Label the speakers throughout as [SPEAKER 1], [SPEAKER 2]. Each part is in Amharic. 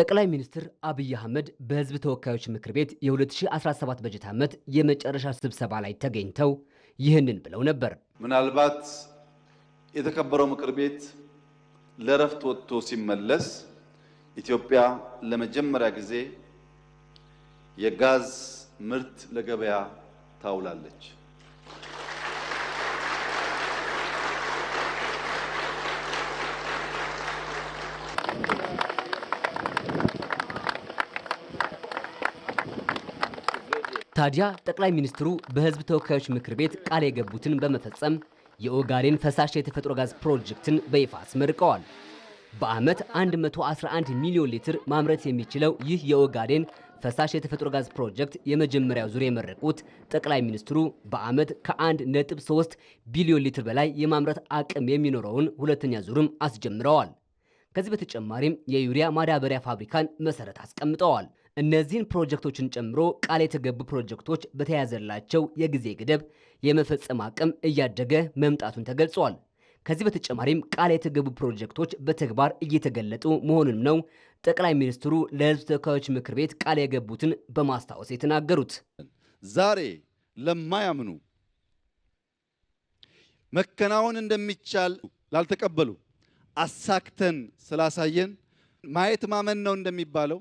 [SPEAKER 1] ጠቅላይ ሚኒስትር አብይ አህመድ በህዝብ ተወካዮች ምክር ቤት የ2017 በጀት ዓመት የመጨረሻ ስብሰባ ላይ ተገኝተው ይህንን ብለው ነበር።
[SPEAKER 2] ምናልባት የተከበረው ምክር ቤት ለእረፍት ወጥቶ ሲመለስ ኢትዮጵያ ለመጀመሪያ ጊዜ የጋዝ ምርት ለገበያ ታውላለች።
[SPEAKER 1] ታዲያ ጠቅላይ ሚኒስትሩ በህዝብ ተወካዮች ምክር ቤት ቃል የገቡትን በመፈጸም የኦጋዴን ፈሳሽ የተፈጥሮ ጋዝ ፕሮጀክትን በይፋ አስመርቀዋል። በዓመት 111 ሚሊዮን ሊትር ማምረት የሚችለው ይህ የኦጋዴን ፈሳሽ የተፈጥሮ ጋዝ ፕሮጀክት የመጀመሪያው ዙር የመረቁት ጠቅላይ ሚኒስትሩ በዓመት ከ1.3 ቢሊዮን ሊትር በላይ የማምረት አቅም የሚኖረውን ሁለተኛ ዙርም አስጀምረዋል። ከዚህ በተጨማሪም የዩሪያ ማዳበሪያ ፋብሪካን መሰረት አስቀምጠዋል። እነዚህን ፕሮጀክቶችን ጨምሮ ቃል የተገቡ ፕሮጀክቶች በተያዘላቸው የጊዜ ገደብ የመፈጸም አቅም እያደገ መምጣቱን ተገልጿል። ከዚህ በተጨማሪም ቃል የተገቡ ፕሮጀክቶች በተግባር እየተገለጡ መሆኑንም ነው ጠቅላይ ሚኒስትሩ ለሕዝብ ተወካዮች ምክር ቤት ቃል የገቡትን በማስታወስ የተናገሩት።
[SPEAKER 2] ዛሬ ለማያምኑ መከናወን እንደሚቻል ላልተቀበሉ አሳክተን ስላሳየን ማየት ማመን ነው እንደሚባለው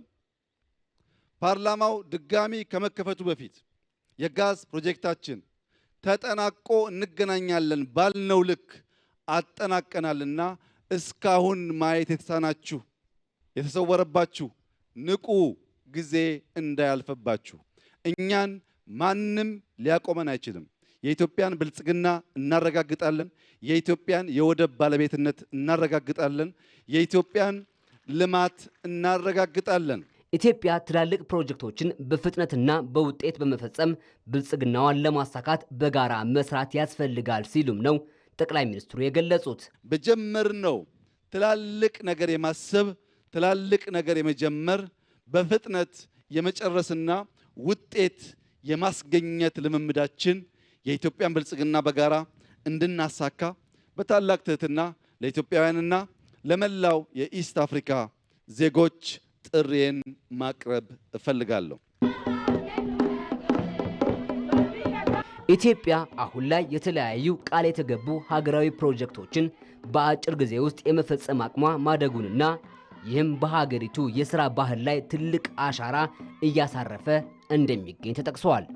[SPEAKER 2] ፓርላማው ድጋሚ ከመከፈቱ በፊት የጋዝ ፕሮጀክታችን ተጠናቆ እንገናኛለን ባልነው ልክ አጠናቀናልና እስካሁን ማየት የተሳናችሁ የተሰወረባችሁ ንቁ፣ ጊዜ እንዳያልፈባችሁ። እኛን ማንም ሊያቆመን አይችልም። የኢትዮጵያን ብልጽግና እናረጋግጣለን። የኢትዮጵያን የወደብ ባለቤትነት እናረጋግጣለን። የኢትዮጵያን ልማት እናረጋግጣለን።
[SPEAKER 1] ኢትዮጵያ ትላልቅ ፕሮጀክቶችን በፍጥነትና በውጤት በመፈጸም ብልጽግናዋን ለማሳካት በጋራ መስራት ያስፈልጋል ሲሉም ነው ጠቅላይ ሚኒስትሩ የገለጹት።
[SPEAKER 2] በጀመርነው ትላልቅ ነገር የማሰብ ትላልቅ ነገር የመጀመር በፍጥነት የመጨረስና ውጤት የማስገኘት ልምምዳችን የኢትዮጵያን ብልጽግና በጋራ እንድናሳካ በታላቅ ትህትና ለኢትዮጵያውያንና ለመላው የኢስት አፍሪካ ዜጎች ጥሪዬን ማቅረብ እፈልጋለሁ።
[SPEAKER 1] ኢትዮጵያ አሁን ላይ የተለያዩ ቃል የተገቡ ሀገራዊ ፕሮጀክቶችን በአጭር ጊዜ ውስጥ የመፈጸም አቅሟ ማደጉንና ይህም በሀገሪቱ የሥራ ባህል ላይ ትልቅ አሻራ እያሳረፈ እንደሚገኝ ተጠቅሷል።